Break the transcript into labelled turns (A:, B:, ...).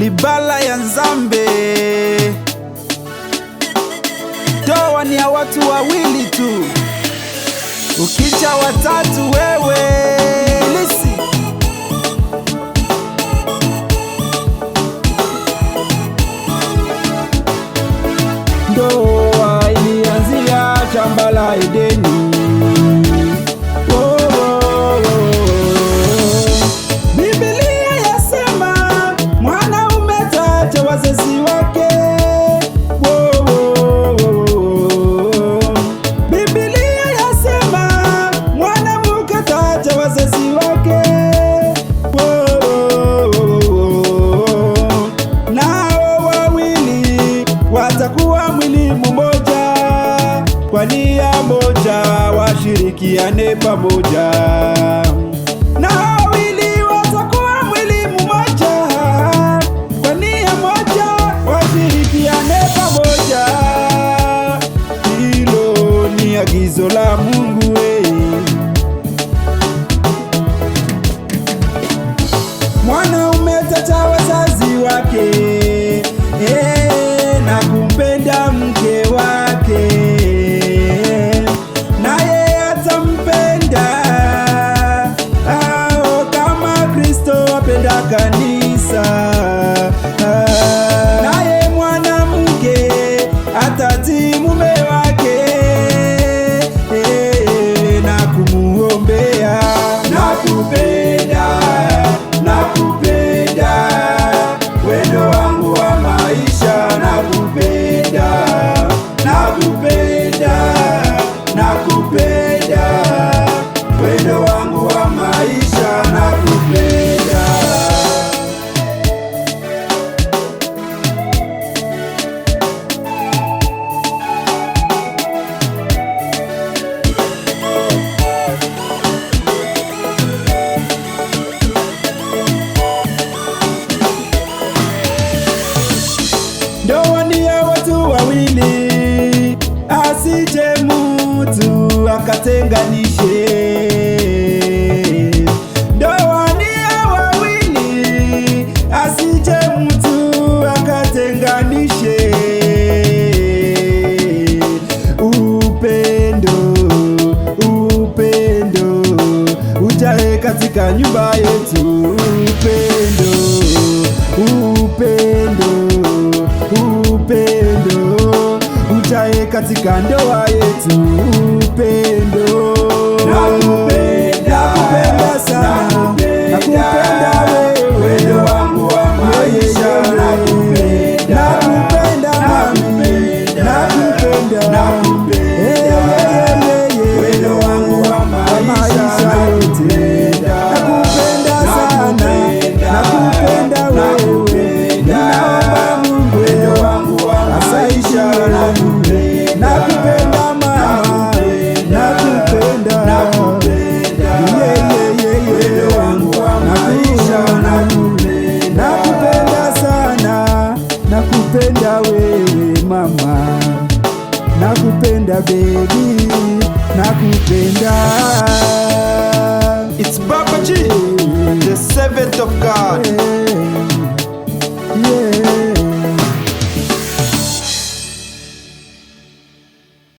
A: Libala ya Nzambe, ndoa ni ya watu wawili tu, ukicha watatu wewe lisi ndoa ilianzia ide kwa nia moja, washirikiane pamoja na wawili watakuwa mwili mmoja, kwa nia moja, washirikiane pamoja. Hilo ni agizo la Mungu. Ndoa ni ya watu wawili, asije mtu akatenganishe. Ndoa ni ya wawili, asije akatenganishe. Upendo, upendo ujae katika nyumba yetu, upendo katika ndoa yetu upendo baby, nakupenda.
B: It's Baba G, the servant of God.